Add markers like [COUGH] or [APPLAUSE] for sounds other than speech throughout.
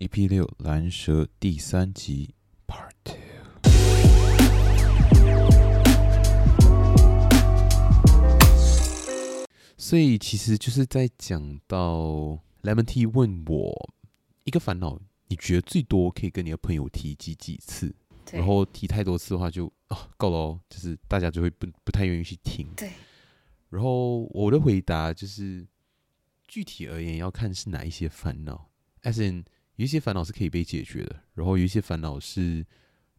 EP 六藍蛇第三輯 Part two。two。所以其實就是在講到 Lemon Tea 問我一個煩惱，你覺得最多可以跟你的朋友提及幾、幾次？然後提太多次的話就，就哦夠了哦就是大家就會不不太願意去聽。對。然後我的回答就是，具體而言要看是哪一些煩惱。As in, 有一些煩惱是可以被解決的，然後有一些煩惱是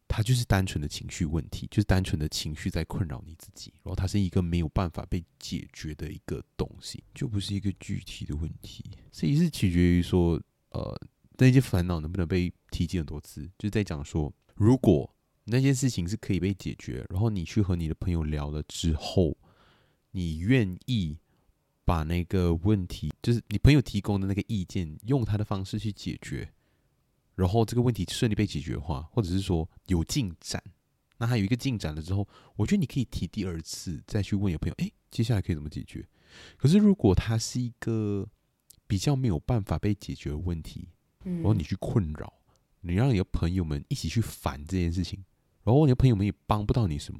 它就是單純的情緒問題，就是單純的情緒在困擾你自己。然後它是一個沒有辦法被解決的一個東西，就不是一個具體的問題。所以是取決於說，呃，那些煩惱能不能被提及很多次。就在講說，如果那些事情是可以被解決，然後你去和你的朋友聊了之後。你願意把那個問題，就是你朋友提供的那個意見，用他的方式去解決，然後這個問題順利被解決的話，或者是說有進展，那他有一個進展了之後，我覺得你可以提第二次，再去問你朋友，誒、欸，接下來可以怎麼解決？可是如果他是一個比較沒有辦法被解決的問題，嗯、然後你去困擾，你讓你的朋友們一起去煩這件事情，然後你的朋友們也幫不到你什麼，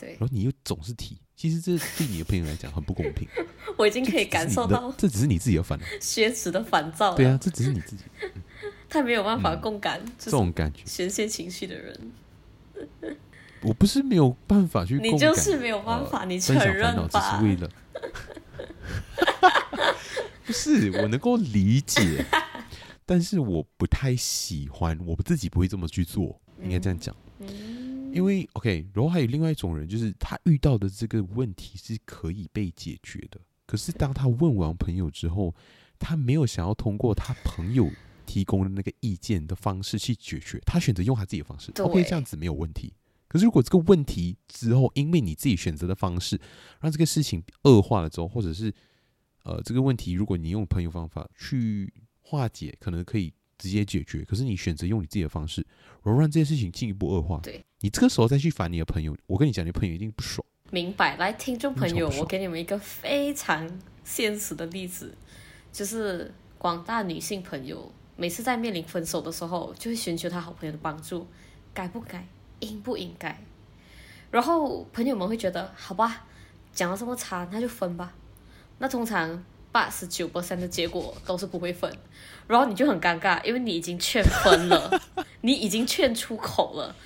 對，然後你又總是提。其實這對你的朋友來講很不公平。 [LAUGHS] 我已經可以感受到，這只是你自己的煩躁，削職的煩躁。對啊，這只是你自己，太、嗯、沒有辦法共感是這種感覺，宣洩情緒的人。我不是沒有辦法去，你就是沒有辦法，呃、你承認只是為了 [LAUGHS] [LAUGHS] 不是我能夠理解，但是我不太喜歡，我自己不會這麼去做，嗯、應該這樣講。嗯因為 OK，然後還有另外一種人，就是他遇到的這個問題是可以被解決的。可是當他問完朋友之後，他沒有想要通過他朋友提供的那個意見的方式去解決，他選擇用他自己的方式。OK，這樣子沒有問題。可是如果這個問題之後，因為你自己選擇的方式讓這個事情惡化了之後，或者是呃這個問題，如果你用朋友方法去化解，可能可以直接解決。可是你選擇用你自己的方式，然後讓這件事情進一步惡化。對。你這個時候再去煩你的朋友，我跟你講，你朋友一定不爽。明白？來，聽眾朋友，我,我給你們一個非常現實的例子，就是廣大女性朋友每次在面臨分手的時候，就會尋求她好朋友的幫助，該不該，應不應該？然後朋友們會覺得，好吧，講到這麼差，那就分吧。那通常八十九趴的結果都是不會分，然後你就很尷尬，因為你已經勸分了， [LAUGHS] 你已經勸出口了。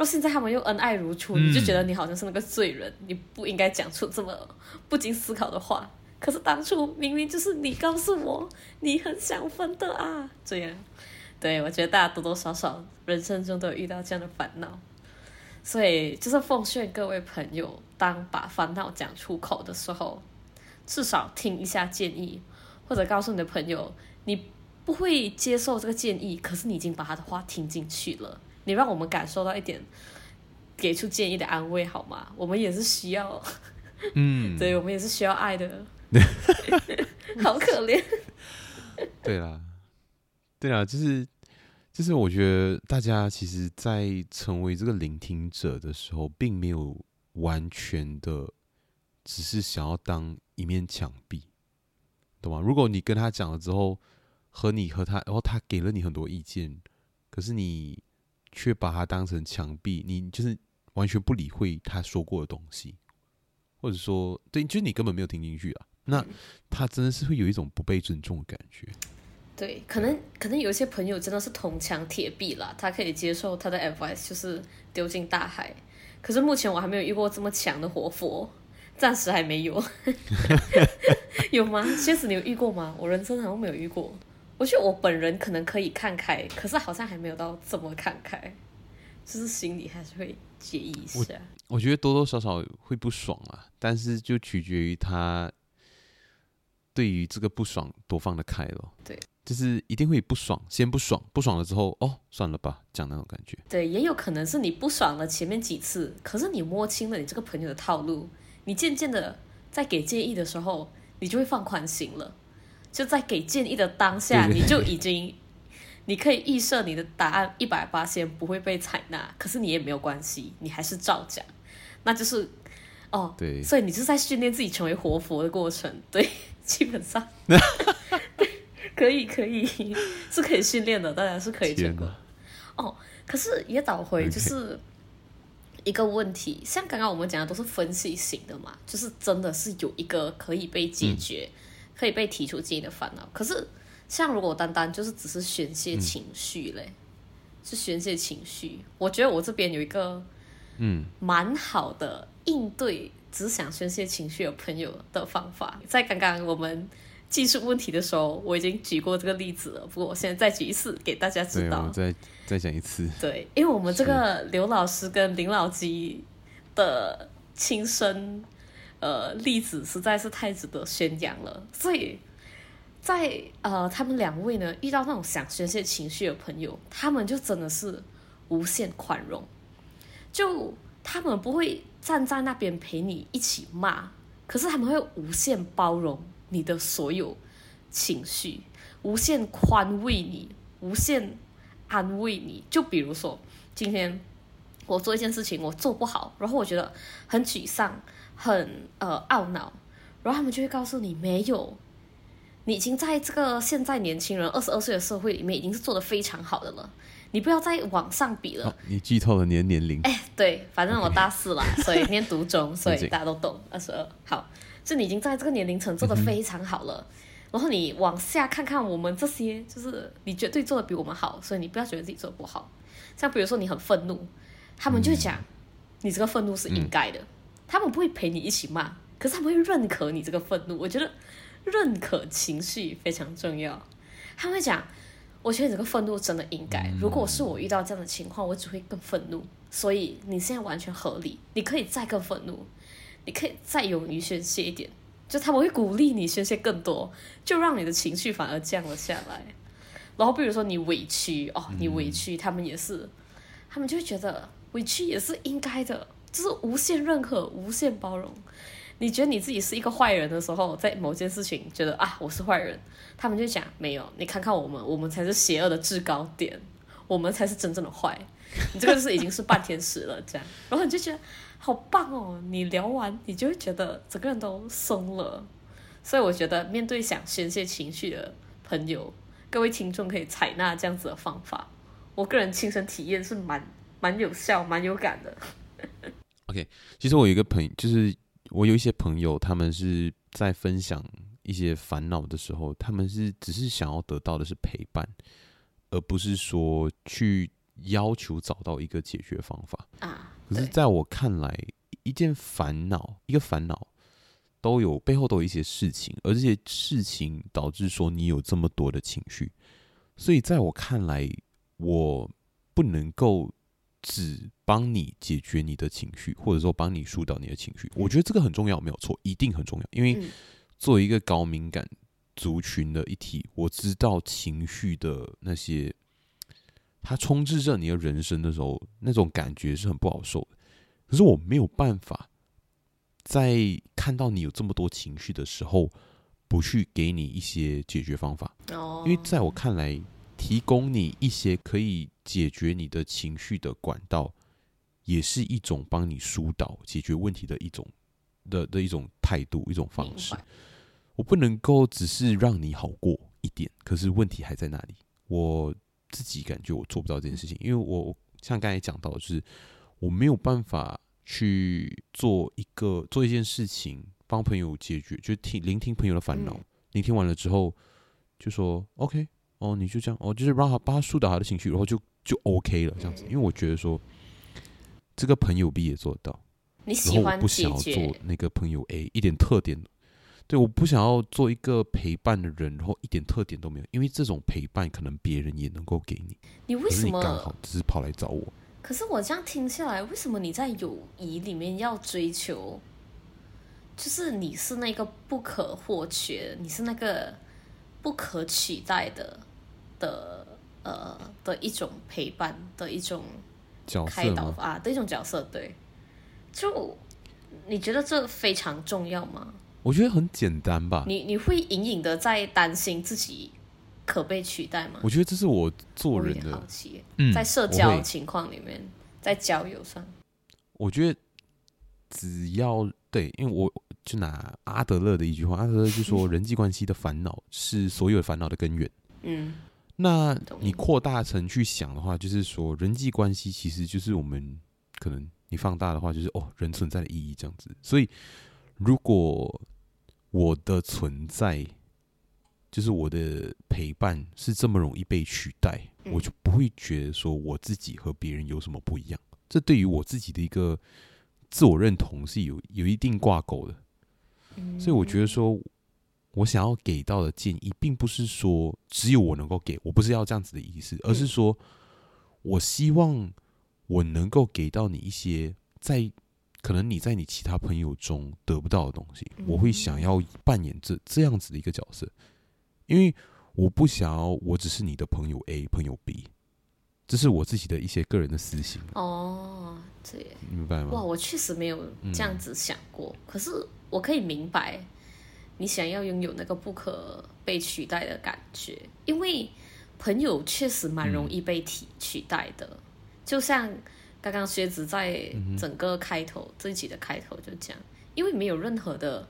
到現在他們又恩愛如初，你就覺得你好像是那個罪人，你不應該講出這麼不經思考的話。可是當初明明就是你告訴我你很想分的啊，這樣。對，我覺得大家多多少少人生中都有遇到這樣的煩惱，所以就是奉勸各位朋友，當把煩惱講出口的時候，至少聽一下建議，或者告訴你的朋友，你不會接受這個建議，可是你已經把他的話聽進去了。你讓我們感受到一點給出建議的安慰好嗎？我們也是需要，嗯 [LAUGHS] 對，我們也是需要愛的， [LAUGHS] [LAUGHS] 好可憐 [LAUGHS] 對啦，對啦，就是就是，我覺得大家其實，在成為這個聆聽者的時候，並沒有完全的，只是想要當一面牆壁，懂嗎？如果你跟他講了之後，和你和他，然後他給了你很多意見，可是你。卻把它當成牆壁，你就是完全不理會他說過的東西，或者說，對，就是你根本沒有聽進去啊。那他真的是會有一種不被尊重的感覺。嗯、對，可能可能有一些朋友真的是銅牆鐵壁啦，他可以接受他的 advice 就是丟進大海。可是目前我還沒有遇過這麼強的活佛，暫時還沒有。 [LAUGHS] 有嗎？蠍 [LAUGHS] 子，你有遇過嗎？我人生好像沒有遇過。我覺得我本人可能可以看開，可是好像還沒有到這麼看開，就是心裡還是會介意一下我。我覺得多多少少會不爽啊，但是就取決於他對於這個不爽多放得開咯。對，就是一定會不爽，先不爽，不爽了之後，哦，算了吧，這樣那種感覺。對，也有可能是你不爽了前面幾次，可是你摸清了你這個朋友的套路，你漸漸的在給建議的時候，你就會放寬心了。就在給建議的當下，對對對，你就已經，你可以預設你的答案一百巴仙不會被採納，可是你也沒有關係，你還是照講，那就是，哦，對，所以你就是在訓練自己成為活佛的過程，對，基本上， [LAUGHS] [LAUGHS] [LAUGHS] 可以可以是可以訓練的，當然是可以哦，可是也倒回就是一個問題，okay. 像剛剛我們講的都是分析型的嘛，就是真的是有一個可以被解決。嗯可以被提出自己的煩惱，可是像如果單單就是只是宣洩情緒嘞，嗯、是宣洩情緒，我覺得我這邊有一個，嗯，蠻好的應對只想宣洩情緒的朋友的方法。在剛剛我們技術問題的時候，我已經舉過這個例子了，不過我現在再舉一次給大家知道，我再再講一次，對，因為我們這個劉老師跟林老吉的親身。呃，例子實在是太值得宣揚了。所以，在呃，他們兩位呢，遇到那種想宣洩情緒的朋友，他們就真的是無限寬容。就他們不會站在那邊陪你一起罵，可是他們會無限包容你的所有情緒，無限寬慰你，無限安慰你。就比如說，今天我做一件事情，我做不好，然後我覺得很沮喪。很呃懊惱，然後他們就會告訴你沒有，你已經在這個現在年輕人二十二歲的社會裡面已經是做得非常好的了，你不要再往上比了。哦、你劇透了你的年齡？哎、欸，對，反正我大四了，okay. 所以念讀中， [LAUGHS] 所以大家都懂二十二。好，就你已經在這個年齡層做得非常好了、嗯，然後你往下看看我們這些，就是你絕對做得比我們好，所以你不要覺得自己做得不好。像比如說你很憤怒，他們就講、嗯、你這個憤怒是應該的。嗯他們不會陪你一起罵，可是他們會認可你這個憤怒。我覺得認可情緒非常重要。他們會講：“我覺得你這個憤怒真的應該。如果是我遇到這樣的情況，我只會更憤怒。所以你現在完全合理，你可以再更憤怒，你可以再勇於宣洩一點。就他們會鼓勵你宣洩更多，就讓你的情緒反而降了下來。然後，比如說你委屈哦，你委屈，他們也是，他們就覺得委屈也是應該的。”就是無限認可、無限包容。你覺得你自己是一個壞人的時候，在某件事情覺得啊，我是壞人，他們就講沒有，你看看我們，我們才是邪惡的制高點，我們才是真正的壞，你這個就是已經是半天使了。這樣，然後你就覺得好棒哦。你聊完，你就會覺得整個人都鬆了。所以我覺得，面對想宣泄情緒的朋友，各位聽眾可以採納這樣子的方法。我個人親身體驗是蠻蠻有效、蠻有感的。OK，其實我有一個朋友，就是我有一些朋友，他們是在分享一些煩惱的時候，他們是只是想要得到的是陪伴，而不是說去要求找到一個解決方法啊，可是，在我看來，一件煩惱，一個煩惱都有，背後都有一些事情，而這些事情導致說你有這麼多的情緒，所以，在我看來，我不能夠。只幫你解決你的情緒，或者說幫你疏導你的情緒，我覺得這個很重要，沒有錯，一定很重要。因為作為一個高敏感族群的一體，我知道情緒的那些，它充斥着你的人生的時候，那種感覺是很不好受的。可是我沒有辦法，在看到你有這麼多情緒的時候，不去給你一些解決方法，因為在我看來。提供你一些可以解決你的情緒的管道，也是一種幫你疏導解決問題的一種的的一種態度，一種方式。我不能夠只是讓你好過一點，可是問題還在那裡。我自己感覺我做不到這件事情，嗯、因為我像剛才講到的，就是我沒有辦法去做一個做一件事情，幫朋友解決，就聽聆聽朋友的煩惱、嗯，聆聽完了之後就說 OK。哦，你就這樣哦，就是讓他幫他疏導他的情緒，然後就就 OK 了，這樣子，嗯。因為我覺得說，這個朋友 B 也做得到。你喜歡，不想要做那個朋友 A，一點特點。對，我不想要做一個陪伴的人，然後一點特點都沒有。因為這種陪伴，可能別人也能夠給你。你為什麼你剛好只是跑來找我？可是我這樣聽下來，為什麼你在友誼裡面要追求？就是你是那個不可或缺，你是那個不可取代的。的呃的一種陪伴的一種開導角色啊，的一種角色，對，就你覺得這非常重要嗎？我覺得很簡單吧。你你會隱隱的在擔心自己可被取代嗎？我覺得這是我做人的，好奇嗯、在社交情況裡面，在交友上，我覺得只要對，因為我就拿阿德勒的一句話，阿德勒就說人際關係的煩惱是所有煩惱的根源，嗯。那你擴大成去想的話，就是說人際關係其實就是我們可能你放大的話，就是哦，人存在的意義這樣子。所以，如果我的存在就是我的陪伴是這麼容易被取代，我就不會覺得說我自己和別人有什麼不一樣。這對於我自己的一個自我認同是有有一定掛鈎的。所以，我覺得說。我想要給到的建議，並不是說只有我能夠給，我不是要這樣子的意思，而是說，我希望我能夠給到你一些在可能你在你其他朋友中得不到的東西。嗯、我會想要扮演這這樣子的一個角色，因為我不想要我只是你的朋友 A 朋友 B，這是我自己的一些個人的私心哦。這明白嗎？哇，我確實沒有這樣子想過，嗯、可是我可以明白。你想要擁有那個不可被取代的感覺，因為朋友確實蠻容易被替取代的，嗯。就像剛剛薛子在整個開頭這一集、嗯、的開頭就講，因為沒有任何的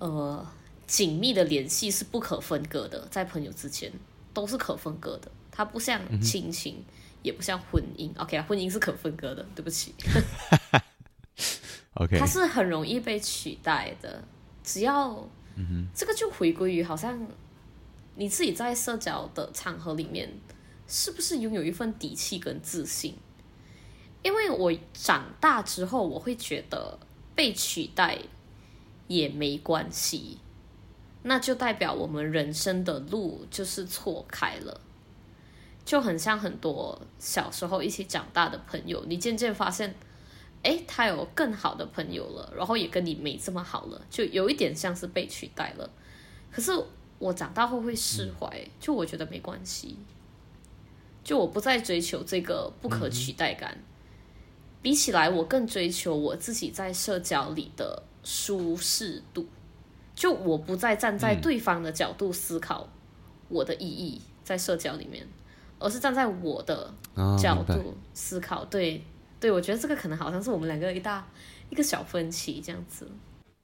呃緊密的聯繫是不可分割的，在朋友之間都是可分割的。它不像親情、嗯，也不像婚姻。OK，婚姻是可分割的，對不起。 [LAUGHS] [LAUGHS] OK，它是很容易被取代的，只要。這個就回歸於好像你自己在社交的場合裡面，是不是擁有一份底氣跟自信？因為我長大之後，我會覺得被取代也沒關係，那就代表我們人生的路就是錯開了，就很像很多小時候一起長大的朋友，你漸漸發現。誒，他有更好的朋友了，然後也跟你沒這麼好了，就有一點像是被取代了。可是我長大後會釋懷，嗯、就我覺得沒關係，就我不再追求這個不可取代感、嗯哼，比起來我更追求我自己在社交裡的舒適度。就我不再站在對方的角度思考，我的意義在社交裡面，嗯、而是站在我的角度思考，哦、對。對對，我覺得這個可能好像是我們兩個一大一個小分歧這樣子。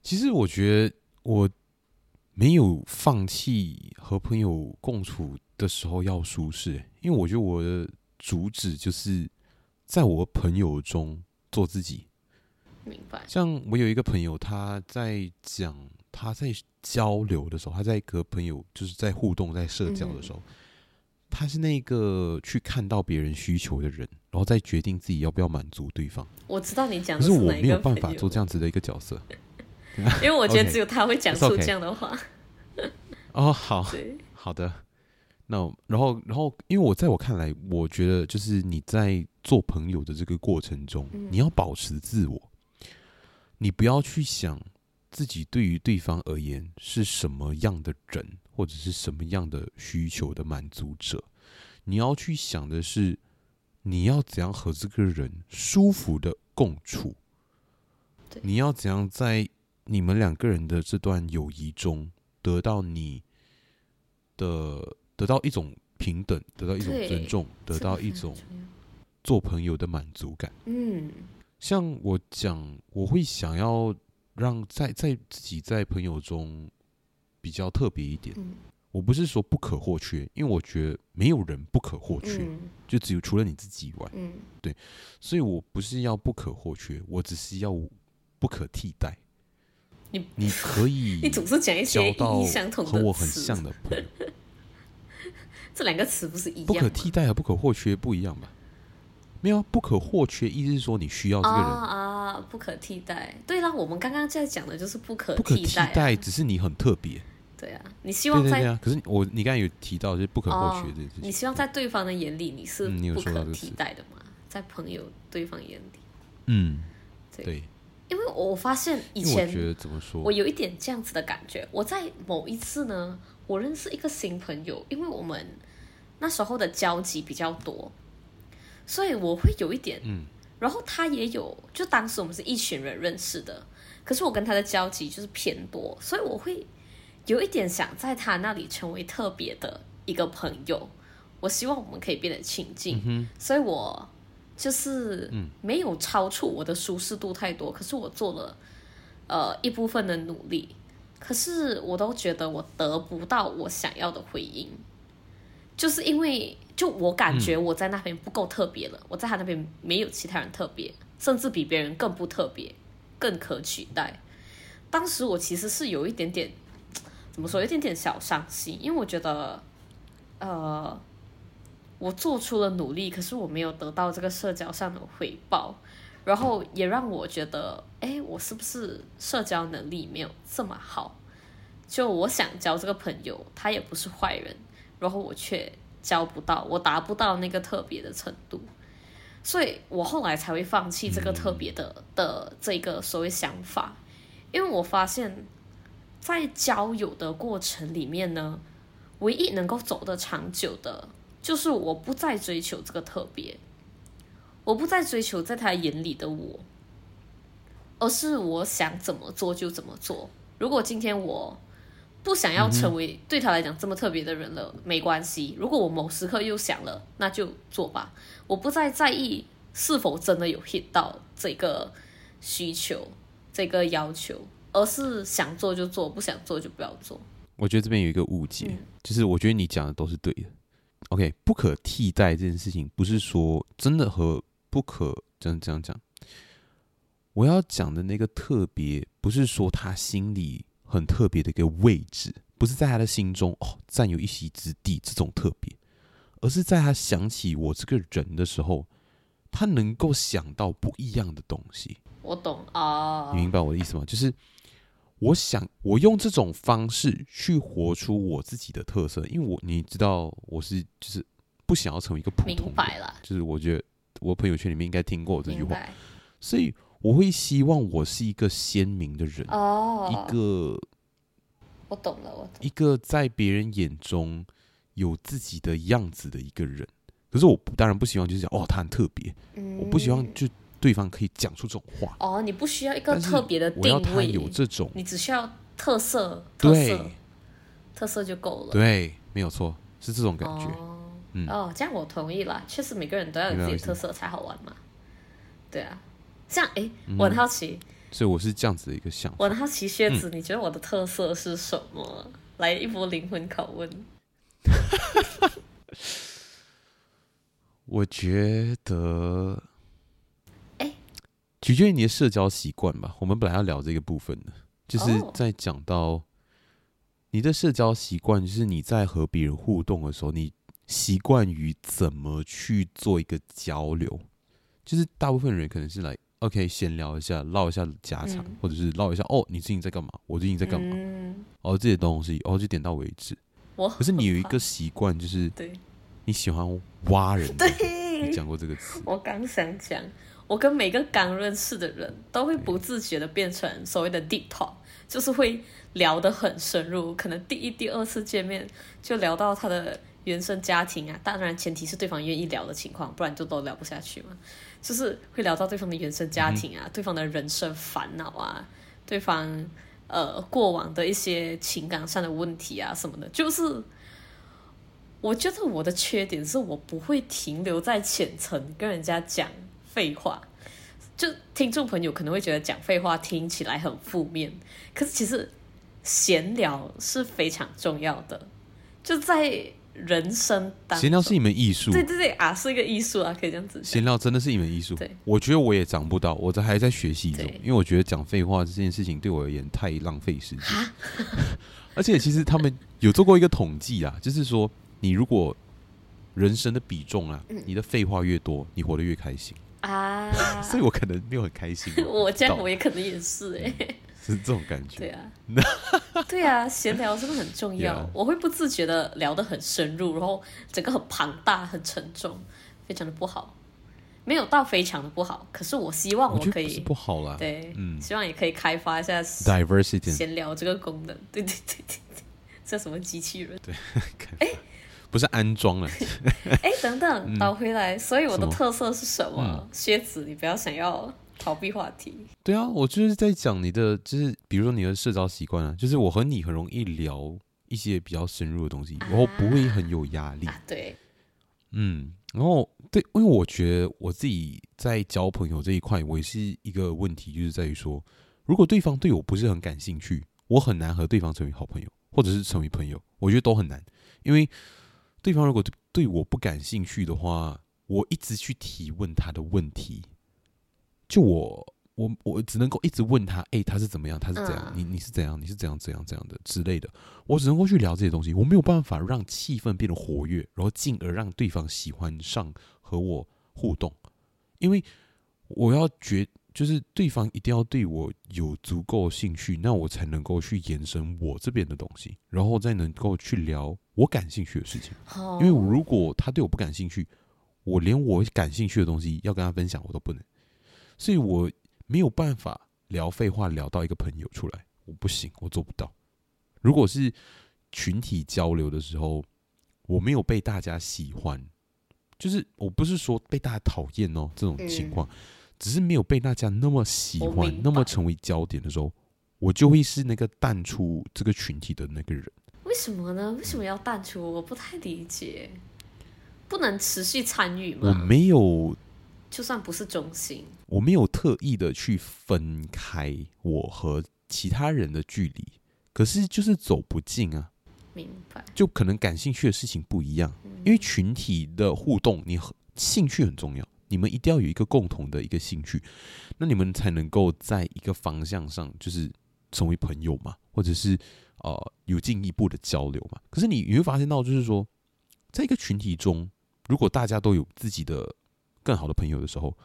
其實我覺得我沒有放棄和朋友共處的時候要舒適，因為我覺得我的主旨就是在我朋友中做自己。明白。像我有一個朋友，他在講，他在交流的時候，他在和朋友就是在互動，在社交的時候。嗯他是那個去看到別人需求的人，然後再決定自己要不要滿足對方。我知道你講的是哪一個朋友，可是我沒有辦法做這樣子的一個角色， [LAUGHS] 因為我覺得只有他會講出這樣的話。哦 [LAUGHS] Okay. It's okay. [LAUGHS] oh, 好，好， [LAUGHS] 好的，那然後然後，因為我在我看來，我覺得就是你在做朋友的這個過程中，嗯、你要保持自我，你不要去想自己對於對方而言是什麼樣的人。或者是什麼樣的需求的滿足者，你要去想的是，你要怎樣和這個人舒服的共處？你要怎樣在你們兩個人的這段友誼中得到你的，得到一種平等，得到一種尊重，得到一種做朋友的滿足感。嗯，像我講，我會想要讓在、在自己在朋友中比較特別一點、嗯，我不是說不可或缺，因為我覺得沒有人不可或缺，嗯、就只有除了你自己以外、嗯，對，所以我不是要不可或缺，我只是要不可替代。你你可以，你總是講一些道理，相同的、和我很像的朋友。 [LAUGHS] 這兩個詞不是一樣嗎？不可替代和不可或缺不一樣吧？沒有、啊，不可或缺意思是說你需要這個人啊，oh, oh, oh, 不可替代。對啦，我們剛剛在講的就是不可替代、啊、不可替代，只是你很特別。對啊，你希望在對對對、啊、可是我你剛才有提到就是不可或缺的、哦。你希望在對方的眼裡你是不可替代的嗎？嗯、在朋友對方眼裡，嗯，對。對，因為我發現以前我覺得怎麼說，我有一點這樣子的感覺。我在某一次呢，我認識一個新朋友，因為我們那時候的交集比較多，所以我會有一點嗯。然後他也有，就當時我們是一群人認識的，可是我跟他的交集就是偏多，所以我會。有一點想在他那裡成為特別的一個朋友，我希望我們可以變得親近。嗯，所以我就是沒有超出我的舒適度太多。可是我做了呃一部分的努力，可是我都覺得我得不到我想要的回應，就是因為就我感覺我在那邊不夠特別了，嗯，我在他那邊沒有其他人特別，甚至比別人更不特別，更可取代。當時我其實是有一點點。怎麼說？有點點小傷心，因為我覺得，呃，我做出了努力，可是我沒有得到這個社交上的回報，然後也讓我覺得，哎，我是不是社交能力沒有這麼好？就我想交這個朋友，他也不是壞人，然後我卻交不到，我達不到那個特別的程度，所以我後來才會放棄這個特別的的這個所謂想法，因為我發現。在交友的過程裡面呢，唯一能夠走得長久的，就是我不再追求這個特別，我不再追求在他眼裡的我，而是我想怎麼做就怎麼做。如果今天我不想要成為對他來講這麼特別的人了，Mm-hmm. 沒關係。如果我某時刻又想了，那就做吧。我不再在意是否真的有 hit 到這個需求，這個要求。而是想做就做，不想做就不要做。我覺得這邊有一個誤解、嗯，就是我覺得你講的都是對的。OK，不可替代這件事情，不是說真的和不可這樣這樣講。我要講的那個特別，不是說他心裡很特別的一個位置，不是在他的心中哦占有一席之地這種特別，而是在他想起我這個人的時候，他能夠想到不一樣的東西。我懂哦、啊，你明白我的意思嗎？就是。我想，我用這種方式去活出我自己的特色，因為我，你知道，我是就是不想要成為一個普通人，明白了。就是我覺得我朋友圈裡面應該聽過我這句話，所以我會希望我是一個鮮明的人，哦，一個我懂了，我懂，一個在別人眼中有自己的樣子的一個人，可是我當然不希望就是講哦，他很特別。嗯，我不希望就。對方可以講出這種話哦，你不需要一個特別的定位，有這種，你只需要特色，特色，對，特色就夠了。對，沒有錯，是這種感覺。哦、嗯，哦，這樣我同意了。確實，每個人都要有自己特色才好玩嘛。有有對啊，這樣哎、嗯，我很好奇，所以我是這樣子的一個想法。我很好奇靴子、嗯，你覺得我的特色是什麼？來一波靈魂拷問。 [LAUGHS] [LAUGHS] 我覺得。取決於你的社交習慣吧。我們本來要聊這個部分的，就是在講到你的社交習慣，就是你在和別人互動的時候，你習慣於怎麼去做一個交流。就是大部分人可能是來 OK 閒聊一下，嘮一下家常、嗯，或者是嘮一下哦，你最近在幹嘛？我最近在幹嘛？然後、嗯、哦、這些東西，然後、哦、就點到為止。我可是你有一個習慣，就是對你喜歡挖人。對，你講過這個詞，我剛想講。我跟每個剛認識的人都會不自覺的變成所謂的 deep talk，就是會聊得很深入。可能第一、第二次見面就聊到他的原生家庭啊，當然前提是對方願意聊的情況，不然就都聊不下去嘛。就是會聊到對方的原生家庭啊，嗯、對方的人生煩惱啊，對方呃過往的一些情感上的問題啊什麼的。就是我覺得我的缺點是我不會停留在淺層跟人家講。廢話，就聽眾朋友可能會覺得講廢話聽起來很負面，可是其實閒聊是非常重要的，就在人生當閒聊是一門藝術，對對對啊，R、是一個藝術啊，可以這樣子。閒聊真的是一門藝術，對，我覺得我也長不到，我還在學習中，因為我覺得講廢話這件事情對我而言太浪費時間。 [LAUGHS] [LAUGHS] 而且其實他們有做過一個統計啊，就是說你如果人生的比重啊，嗯、你的廢話越多，你活得越開心。啊， [LAUGHS] 所以我可能沒有很開心。 [LAUGHS] 我這樣我也可能也是哎、欸嗯，是這種感覺。對啊， [LAUGHS] 對啊，閒聊真的很重要。Yeah. 我會不自覺的聊得很深入，然後整個很龐大、很沉重，非常的不好。沒有到非常的不好，可是我希望我可以我不，不好啦。對，嗯，希望也可以開發一下 diversity 閒聊這個功能。對對對對對，這什麼機器人？對，開不是安裝了， [LAUGHS] 哎、欸，等等，倒回來，嗯，所以我的特色是什麼，什麼，嗯？靴子，你不要想要逃避話題。對啊，我就是在講你的，就是比如說你的社交習慣啊，就是我和你很容易聊一些比較深入的東西，然，啊、後不會很有壓力，啊啊。對，嗯，然後對，因為我覺得我自己在交朋友這一塊，我也是一個問題，就是在於說，如果對方對我不是很感興趣，我很難和對方成為好朋友，或者是成為朋友，我覺得都很難，因為。對方如果對我不感興趣的話，我一直去提問他的問題。就我，我，我只能夠一直問他，誒、欸，他是怎麼樣？他是怎樣？你，你是怎樣？你是怎樣？怎樣？怎樣的之類的，我只能夠去聊這些東西，我沒有辦法讓氣氛變得活躍，然後進而讓對方喜歡上和我互動，因為我要覺。就是對方一定要對我有足夠興趣，那我才能夠去延伸我這邊的東西，然後再能夠去聊我感興趣的事情。因為我如果他對我不感興趣，我連我感興趣的東西要跟他分享我都不能，所以我沒有辦法聊廢話聊到一個朋友出來，我不行，我做不到。如果是群體交流的時候，我沒有被大家喜歡，就是我不是說被大家討厭哦，這種情況。嗯只是沒有被大家那麼喜歡，那麼成為焦點的時候，我就會是那個淡出這個群體的那個人。為什麼呢？為什麼要淡出？我不太理解。不能持續參與嗎？我沒有，就算不是中心，我沒有特意的去分開我和其他人的距離，可是就是走不近啊。明白。就可能感興趣的事情不一樣，嗯、因為群體的互動，你很，興趣很重要。你們一定要有一個共同的一個興趣，那你們才能夠在一個方向上，就是成為朋友嘛，或者是呃有進一步的交流嘛。可是你你會發現到，就是說，在一個群體中，如果大家都有自己的更好的朋友的時候，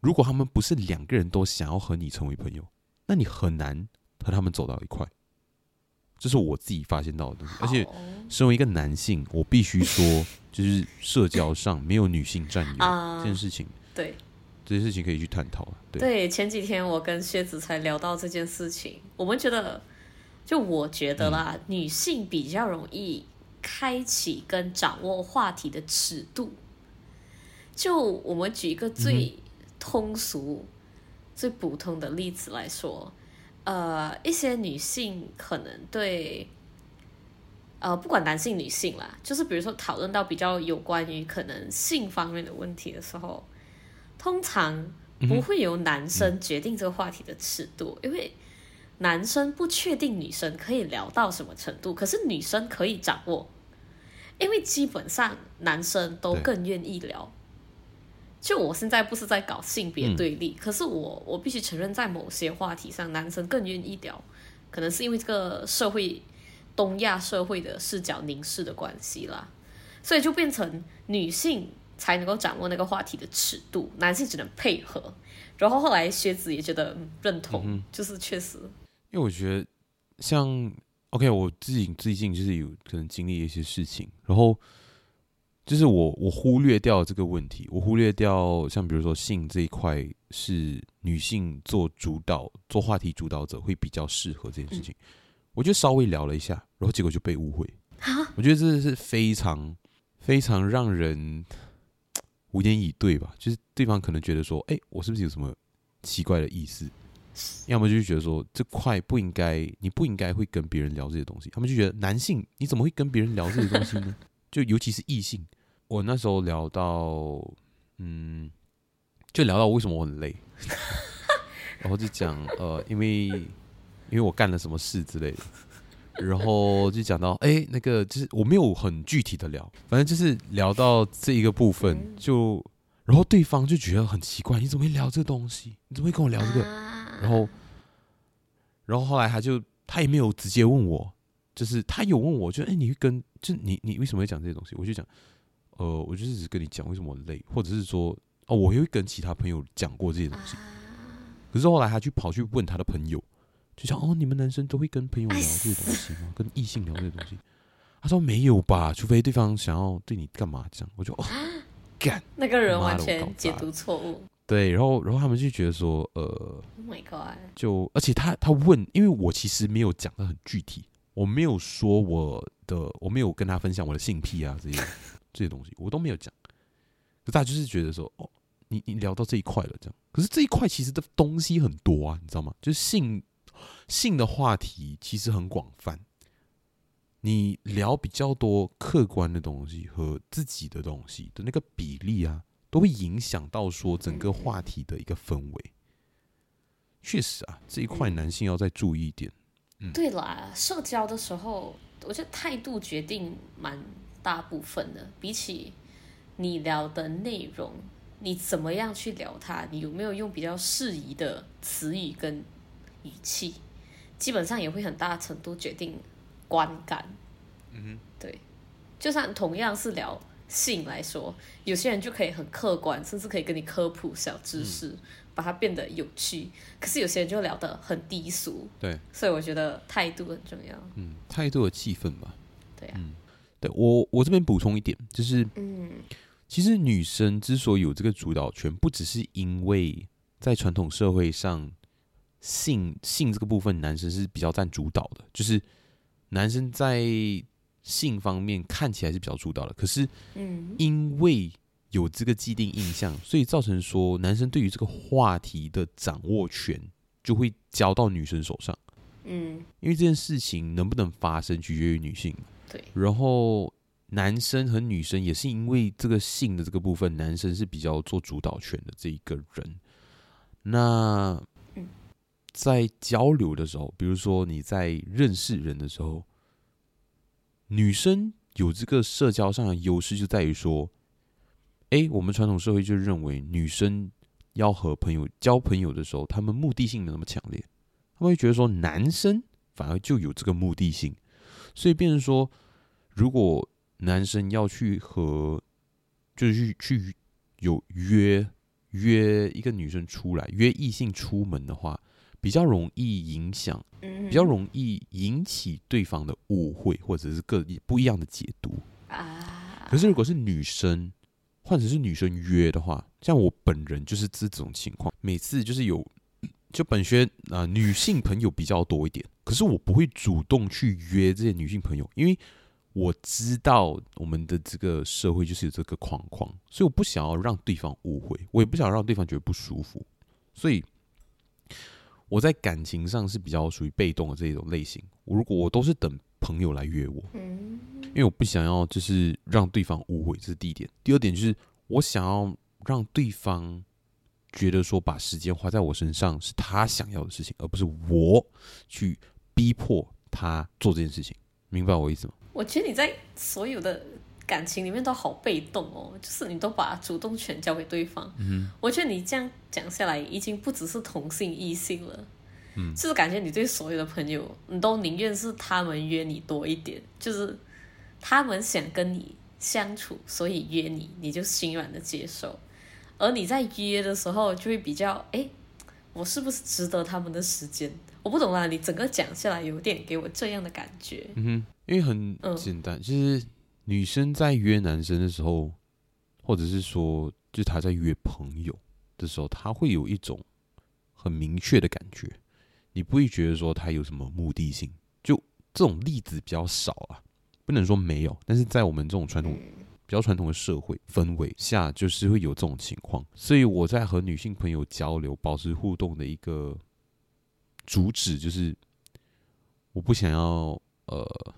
如果他們不是兩個人都想要和你成為朋友，那你很難和他們走到一塊。這是我自己發現到的，而且，身為一個男性，我必須說， [LAUGHS] 就是社交上沒有女性戰友、嗯、這件事情，對，這件事情可以去探討。對，對，前幾天我跟薛子才聊到這件事情，我們覺得，就我覺得啦，嗯、女性比較容易開啟跟掌握話題的尺度。就我們舉一個最通俗、嗯、最普通的例子來說。呃，一些女性可能對，呃，不管男性女性啦，就是比如說討論到比較有關於可能性方面的問題的時候，通常不會由男生決定這個話題的尺度，嗯、因為男生不確定女生可以聊到什麼程度，可是女生可以掌握，因為基本上男生都更願意聊。嗯就我現在不是在搞性別對立，嗯，可是我我必須承認，在某些話題上，男生更願意聊，可能是因為這個社會東亞社會的視角凝視的關係啦，所以就變成女性才能夠掌握那個話題的尺度，男性只能配合。然後後來靴子也覺得認同，嗯、就是確實，因為我覺得像 OK，我自己最近就是有可能經歷一些事情，然後。就是我，我忽略掉這個問題，我忽略掉像比如說性這一塊是女性做主導，做話題主導者會比較適合這件事情。嗯、我就稍微聊了一下，然後結果就被誤會。啊、我覺得這是非常非常讓人無言以對吧？就是對方可能覺得說，誒，我是不是有什麼奇怪的意思？要麼就是覺得說這塊不應該，你不應該會跟別人聊這些東西。他們就覺得男性你怎麼會跟別人聊這些東西呢？ [LAUGHS] 就尤其是異性，我那時候聊到，嗯，就聊到為什麼我很累， [LAUGHS] 然後就講呃，因為因為我幹了什麼事之類的，然後就講到哎、欸，那個就是我沒有很具體的聊，反正就是聊到這一個部分就，然後對方就覺得很奇怪，你怎麼會聊這東西？你怎麼會跟我聊這個？然後，然後後來他就他也沒有直接問我，就是他有問我就，就、欸、哎，你跟。就你，你為什麼會講這些東西？我就講，呃，我就是跟你講為什麼我累，或者是說，哦，我又跟其他朋友講過這些東西，啊，可是後來他去跑去問他的朋友，就想，哦，你們男生都會跟朋友聊這些東西嗎？欸，跟異性聊這些東西？ [LAUGHS] 他說沒有吧，除非對方想要對你幹嘛這樣。我就哦，幹，那個人完全解讀錯誤。對，然後，然後他們就覺得說，呃，Oh my God，就而且他他問，因為我其實沒有講得很具體。我沒有說我的，我沒有跟他分享我的性癖啊，這些 [LAUGHS] 這些東西我都沒有講。大家就是覺得說，哦，你你聊到這一塊了，這樣。可是這一塊其實的東西很多啊，你知道嗎？就是性性的話題其實很廣泛。你聊比較多客觀的東西和自己的東西的那個比例啊，都會影響到說整個話題的一個氛圍。確實啊，這一塊男性要再注意一點。對啦，社交的時候，我覺得態度決定蠻大部分的。比起你聊的內容，你怎麼樣去聊它，你有沒有用比較適宜的詞語跟語氣，基本上也會很大程度決定觀感。嗯哼，對，就算同樣是聊。性來說，有些人就可以很客觀，甚至可以跟你科普小知識、嗯，把它變得有趣。可是有些人就聊得很低俗。對，所以我覺得態度很重要。嗯，態度和氣氛吧。對啊，嗯、對我，我這邊補充一點，就是，嗯，其實女生之所以有這個主導權，不只是因為在傳統社會上，性性這個部分，男生是比較佔主導的，就是男生在。性方面看起來是比較主導的，可是，嗯，因為有這個既定印象，所以造成說男生對於這個話題的掌握權就會交到女生手上，嗯，因為這件事情能不能發生取決於女性，對，然後男生和女生也是因為這個性的這個部分，男生是比較做主導權的這一個人，那，嗯，在交流的時候，比如說你在認識人的時候。女生有這個社交上的優勢，就在於說，哎、欸，我們傳統社會就認為女生要和朋友交朋友的時候，他們目的性沒那麼強烈，他們會覺得說，男生反而就有這個目的性，所以變成說，如果男生要去和，就是去去有約約一個女生出來約異性出門的話。比較容易影響，比較容易引起對方的誤會，或者是各不一樣的解讀啊。可是如果是女生，換成是女生約的話，像我本人就是這種情況。每次就是有，就本靴啊、呃，女性朋友比較多一點，可是我不會主動去約這些女性朋友，因為我知道我們的這個社會就是有這個框框，所以我不想要讓對方誤會，我也不想讓對方覺得不舒服，所以。我在感情上是比較屬於被動的這一種類型。我如果我都是等朋友來約我，嗯，因為我不想要就是讓對方誤會，這是第一點。第二點就是我想要讓對方覺得說把時間花在我身上是他想要的事情，而不是我去逼迫他做這件事情。明白我意思嗎？我覺得你在所有的。感情裡面都好被動哦，就是你都把主動權交給對方。嗯，我覺得你這樣講下來，已經不只是同性異性了。嗯，就是感覺你對所有的朋友，你都寧願是他們約你多一點，就是他們想跟你相處，所以約你，你就心軟的接受。而你在約的時候，就會比較哎，我是不是值得他們的時間？我不懂啊，你整個講下來有點給我這樣的感覺。嗯哼，因為很簡單，就是。女生在約男生的時候，或者是說，就她在約朋友的時候，她會有一種很明確的感覺，你不會覺得說她有什麼目的性。就這種例子比較少啊，不能說沒有，但是在我們這種傳統、比較傳統的社會氛圍下，就是會有這種情況。所以我在和女性朋友交流、保持互動的一個主旨，就是我不想要呃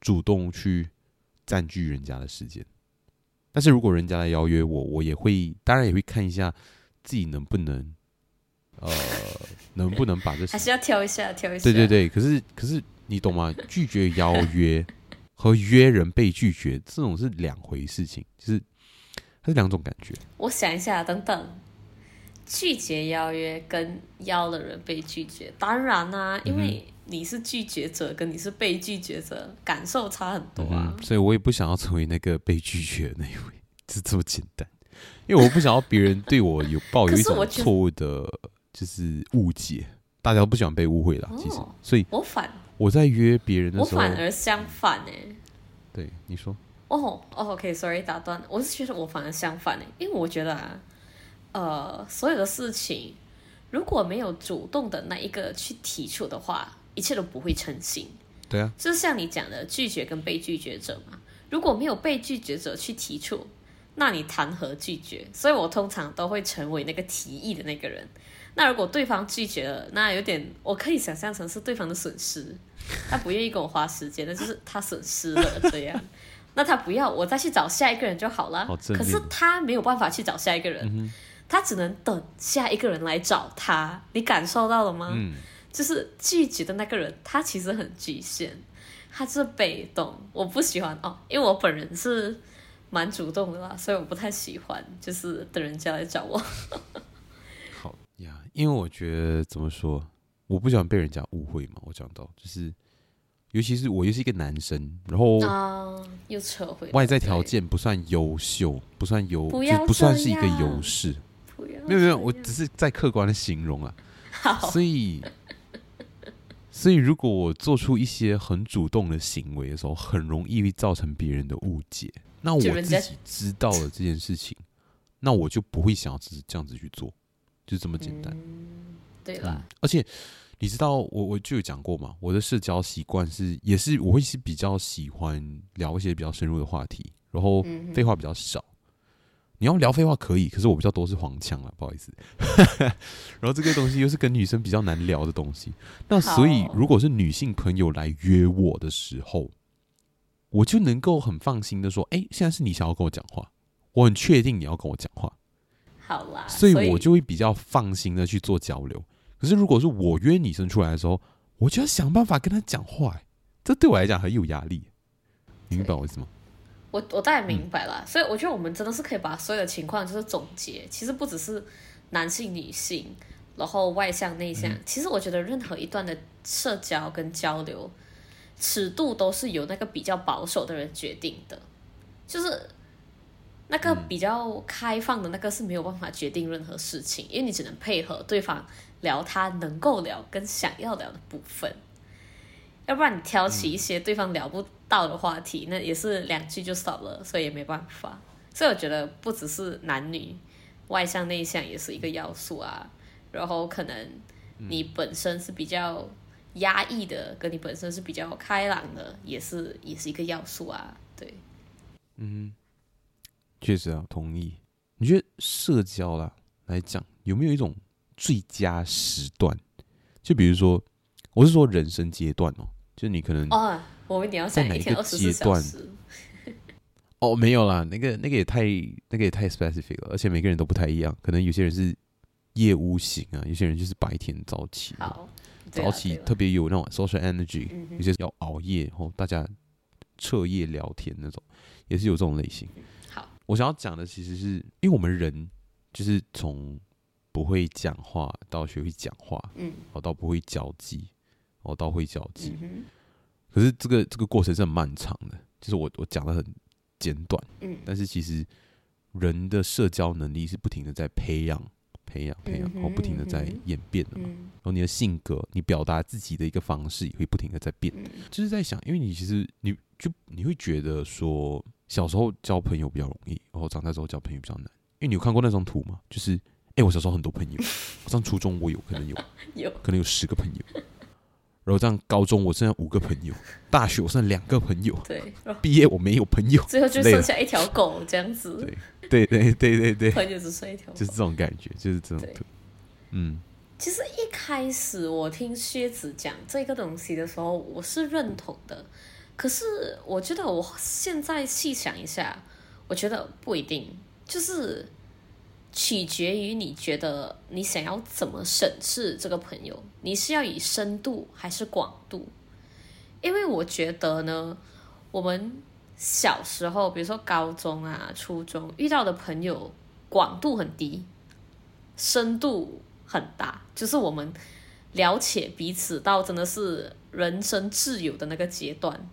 主動去。佔據人家的時間，但是如果人家來邀約我，我也會，當然也會看一下自己能不能，呃，能不能把這還是要挑一下，挑一下。對對對，可是可是你懂嗎？拒絕邀約和約人被拒絕， [LAUGHS] 這種是兩回事情，情就是它是兩種感覺。我想一下，等等。拒絕邀約跟邀的人被拒絕，當然啦、啊，因為你是拒絕者跟你是被拒絕者，感受差很多啊。嗯嗯，所以我也不想要成為那個被拒絕的那一位，就這麼簡單。因為我不想要別人對我有 [LAUGHS] 抱有一種錯誤的，就是誤解是。大家都不喜歡被誤會啦、哦，其實。所以，我反我在約別人的時候，我反而相反誒、欸。對，你說哦、oh,，OK，Sorry，、okay, 哦打斷。我是覺得我反而相反誒、欸，因為我覺得啊。呃，所有的事情如果沒有主動的那一個去提出的話，一切都不會成型。對啊，就是像你講的拒絕跟被拒絕者嘛。如果沒有被拒絕者去提出，那你談何拒絕？所以我通常都會成為那個提議的那個人。那如果對方拒絕了，那有點我可以想象成是對方的損失。他不願意跟我花時間， [LAUGHS] 那就是他損失了。這樣，那他不要，我再去找下一個人就好了。可是他沒有辦法去找下一個人。嗯他只能等下一個人來找他，你感受到了嗎？嗯，就是拒絕的那個人，他其實很局限，他是被動。我不喜歡哦，因為我本人是蠻主動的啦，所以我不太喜歡就是等人家來找我。 [LAUGHS] 好呀，因為我覺得怎麼說，我不喜歡被人家誤會嘛。我講到就是，尤其是我又是一個男生，然後、哦、又扯回外在條件不算優秀，不算優，不，不算是一個優勢。不，沒有沒有，我只是在客觀的形容啊。好，所以所以如果我做出一些很主動的行為的時候，很容易會造成別人的誤解。那我自己知道了這件事情、嗯，那我就不會想要只是這樣子去做，就這麼簡單。嗯、對吧？而且你知道，我我就有講過嘛，我的社交習慣是，也是我會是比較喜歡聊一些比較深入的話題，然後廢話比較少。嗯你要聊廢話可以，可是我比較多是黃腔啦，不好意思。 [LAUGHS] 然後這個東西又是跟女生比較難聊的東西，那所以如果是女性朋友來約我的時候，我就能夠很放心的說，哎、欸，現在是你想要跟我講話，我很確定你要跟我講話。好啦，所以我就會比較放心的去做交流。可是如果是我約女生出來的時候，我就要想辦法跟她講話，欸，這對我來講很有壓力，你明白我意思嗎？我我大概明白了，嗯，所以我覺得我們真的是可以把所有的情況就是總結，其實不只是男性、女性，然後外向、內向，嗯，其實我覺得任何一段的社交跟交流，尺度都是由那個比較保守的人決定的，就是那個比較開放的那個是沒有辦法決定任何事情，嗯，因為你只能配合對方聊他能夠聊跟想要聊的部分。要不然你挑起一些對方聊不到的話題，嗯，那也是兩句就少了，所以也沒辦法。所以我覺得不只是男女外向、內向也是一個要素啊。然後可能你本身是比較壓抑的，跟你本身是比較開朗的，也是也是一個要素啊。對，嗯，確實啊，同意。你覺得社交啦，啊，來講，有沒有一種最佳時段？就比如說，我是說人生階段哦。就你可能哦，我們一定要在哪一個階段？oh,？哦、 [LAUGHS] oh,，沒有啦，那個那個也太那個也太 specific 了，而且每個人都不太一樣。可能有些人是夜屋型啊，有些人就是白天早起，啊、早起特別有那種 social energy，啊、有些要熬夜，然後大家徹夜聊天那種，也是有這種類型。好，我想要講的其實是，因為我們人就是從不會講話到學會講話，嗯，好到不會交際。哦，到會交際、嗯，可是這個這個過程是很漫長的，就是我我講得很簡短、嗯，但是其實人的社交能力是不停地在培養、培養、培養，然、嗯、後、哦、不停地在演變的嘛、嗯。然後你的性格、你表達自己的一個方式也會不停地在變、嗯。就是在想，因為你其實你就你會覺得說，小時候交朋友比較容易，然後長大之後交朋友比較難，因為你有看過那張圖嗎？就是哎，我小時候很多朋友， [LAUGHS] 我上初中我有可能有， [LAUGHS] 有可能有十個朋友。然後這樣，高中我剩下五個朋友，大學我剩兩個朋友，對，畢業我沒有朋友，最後就剩下一條狗這樣子。對，對，對，對，對，對，對，對，朋友只剩一條狗，就是這種感覺，就是這種。嗯，其、就、實、是、一開始我聽靴子講這個東西的時候，我是認同的，可是我覺得我現在細想一下，我覺得不一定，就是。取決於你覺得你想要怎麼審視這個朋友，你是要以深度還是廣度？因為我覺得呢，我們小時候，比如說高中啊、初中遇到的朋友，廣度很低，深度很大，就是我們了解彼此到真的是人生摯友的那個階段。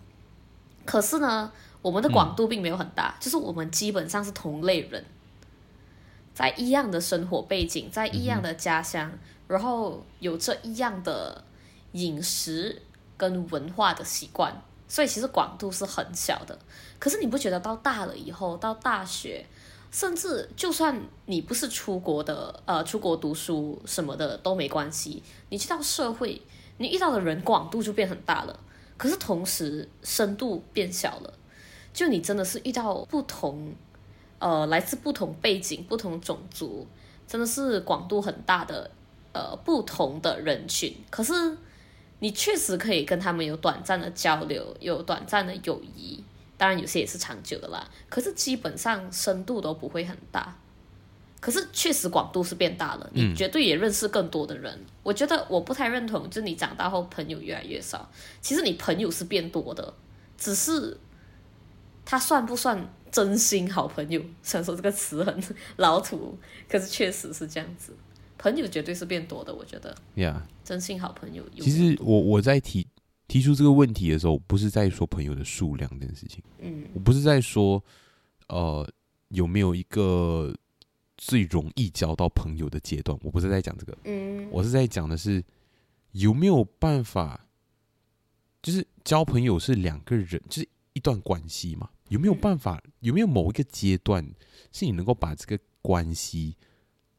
可是呢，我們的廣度並沒有很大，嗯、就是我們基本上是同類人。在一樣的生活背景，在一樣的家鄉，嗯、然後有著一樣的飲食跟文化的習慣，所以其實廣度是很小的。可是你不覺得到大了以後，到大學，甚至就算你不是出國的，呃，出國讀書什麼的都沒關係，你去到社會，你遇到的人廣度就變很大了。可是同時深度變小了，就你真的是遇到不同。呃，來自不同背景、不同種族，真的是廣度很大的，呃，不同的人群。可是你確實可以跟他們有短暫的交流，有短暫的友誼，當然有些也是長久的啦。可是基本上深度都不會很大。可是確實廣度是變大了，你絕對也認識更多的人。嗯、我覺得我不太認同，就是你長大後朋友越來越少，其實你朋友是變多的，只是他算不算？真心好朋友，雖然說這個詞很老土，可是確實是這樣子，朋友絕對是變多的。我覺得，yeah. 真心好朋友有多多。其實我我在提提出這個問題的時候，我不是在說朋友的數量這件事情。嗯，我不是在說，呃，有沒有一個最容易交到朋友的階段？我不是在講這個。嗯，我是在講的是有沒有辦法，就是交朋友是兩個人，就是一段關係嘛。有沒有辦法、嗯？有沒有某一個階段，是你能夠把這個關係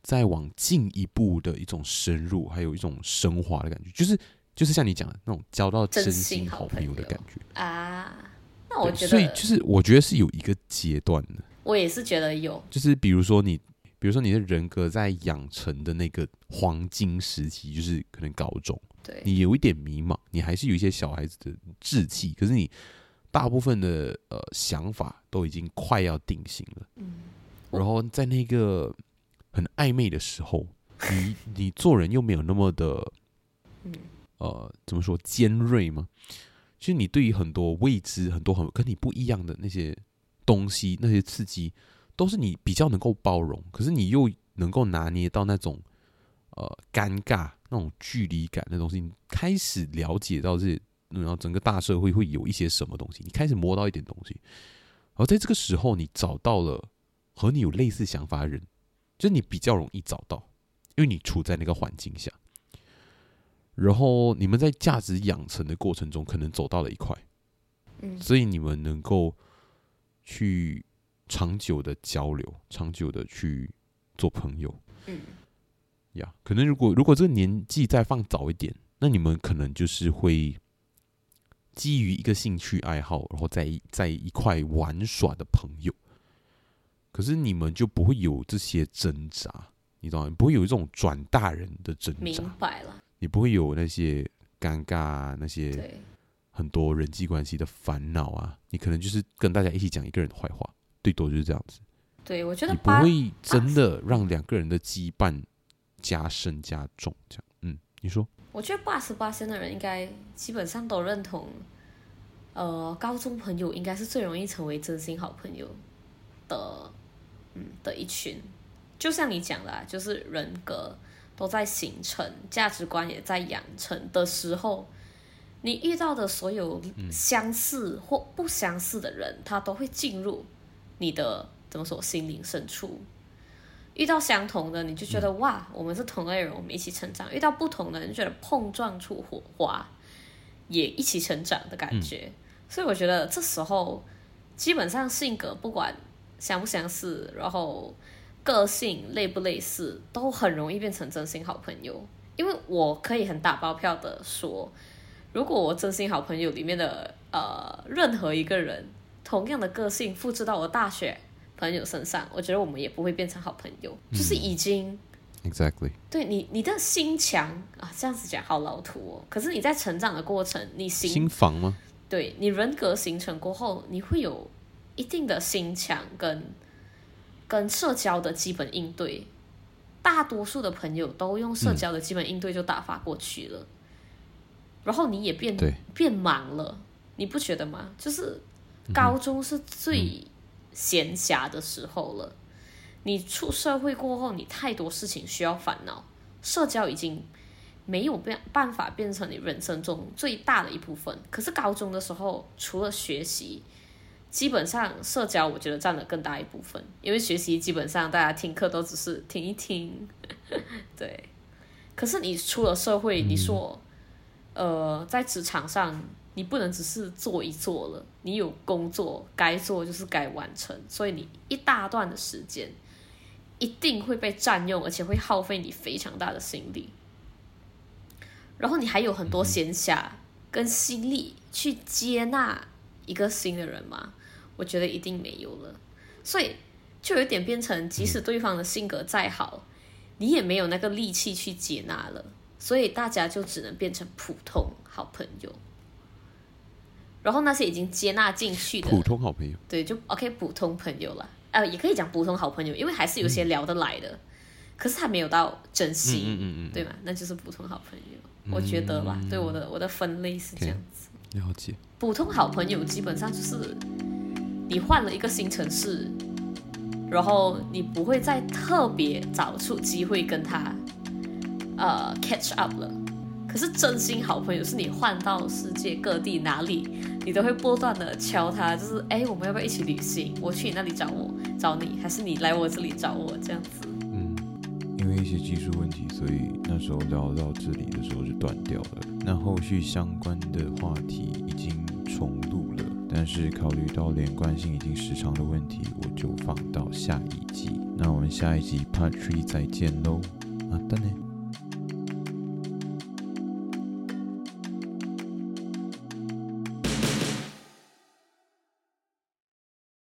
再往進一步的一種深入，還有一種升華的感覺？就是就是像你講的那種交到真心好朋友的感覺啊。那我覺得，所以就是我覺得是有一個階段的。我也是覺得有，就是比如說你，比如說你的人格在養成的那個黃金時期，就是可能高中，對，你有一點迷茫，你還是有一些小孩子的稚氣，可是你。大部分的呃想法都已經快要定型了，嗯，然後在那個很曖昧的時候，你你做人又沒有那麼的，嗯、呃，怎麼說尖銳嗎？其實你對於很多未知、很多很跟你不一樣的那些東西、那些刺激，都是你比較能夠包容，可是你又能夠拿捏到那種呃尷尬、那種距離感的東西，你開始了解到這。然後整個大社會會有一些什麼東西，你開始摸到一點東西。而在這個時候，你找到了和你有類似想法的人，就是你比較容易找到，因為你處在那個環境下。然後你們在價值養成的過程中，可能走到了一塊，嗯，所以你們能夠去長久的交流，長久的去做朋友。嗯，呀，yeah，可能如果如果這個年紀再放早一點，那你們可能就是會。基於一個興趣愛好，然後在在一塊玩耍的朋友，可是你們就不會有這些掙扎，你知道嗎？你不會有這種轉大人的掙扎，明白了。你不會有那些尷尬，那些很多人際關係的煩惱啊。你可能就是跟大家一起講一個人的壞話，最多就是這樣子。對，我覺得不會真的讓兩個人的羈絆加深加重，這樣。嗯，你說。我覺得八十巴仙的人應該基本上都認同，呃，高中朋友應該是最容易成為真心好朋友的，嗯的一群。就像你講的、啊，就是人格都在形成，價值觀也在養成的時候，你遇到的所有相似或不相似的人，他都會進入你的怎麼說心靈深處。遇到相同的，你就覺得哇，我們是同類人，我們一起成長；遇到不同的人，就覺得碰撞出火花，也一起成長的感覺。嗯、所以我覺得這時候基本上性格不管相不相似，然後個性類不類似，都很容易變成真心好朋友。因為我可以很打包票的說，如果我真心好朋友裡面的呃任何一個人，同樣的個性複製到我大學。朋友身上，我覺得我們也不會變成好朋友，嗯、就是已經，Exactly，對你，你的心牆啊，這樣子講好老土哦。可是你在成長的過程，你心，心房防嗎？對你人格形成過後，你會有一定的心牆跟跟社交的基本應對。大多數的朋友都用社交的基本應對就打發過去了，嗯、然後你也變對變忙了，你不覺得嗎？就是高中是最。嗯嗯閒暇的時候了，你出社會過後，你太多事情需要煩惱，社交已經沒有變辦法變成你人生中最大的一部分。可是高中的時候，除了學習，基本上社交我覺得佔了更大一部分，因為學習基本上大家聽課都只是聽一聽，對。可是你出了社會，你說，呃，在職場上。你不能只是做一做了，你有工作該做就是該完成，所以你一大段的時間一定會被佔用，而且會耗費你非常大的心力。然後你還有很多閒暇跟心力去接納一個新的人嗎？我覺得一定沒有了，所以就有點變成，即使對方的性格再好，你也沒有那個力氣去接納了，所以大家就只能變成普通好朋友。然後那些已經接納進去的普通好朋友，對，就 OK 普通朋友了。呃，也可以講普通好朋友，因為還是有些聊得來的，嗯、可是他沒有到真心嗯嗯嗯，對嗎？那就是普通好朋友，嗯、我覺得吧。對我的我的分類是這樣子、嗯，了解。普通好朋友基本上就是你換了一個新城市，然後你不會再特別找出機會跟他呃 catch up 了。可是真心好朋友是你換到世界各地哪裡。你都會不斷的敲他，就是哎，我們要不要一起旅行？我去你那裡找我，找你，還是你來我這裡找我這樣子？嗯，因為一些技術問題，所以那時候聊到這裡的時候就斷掉了。那後續相關的話題已經重錄了，但是考慮到連貫性已經時長的問題，我就放到下一集。那我們下一集 Part Three 再見嘍，啊等等？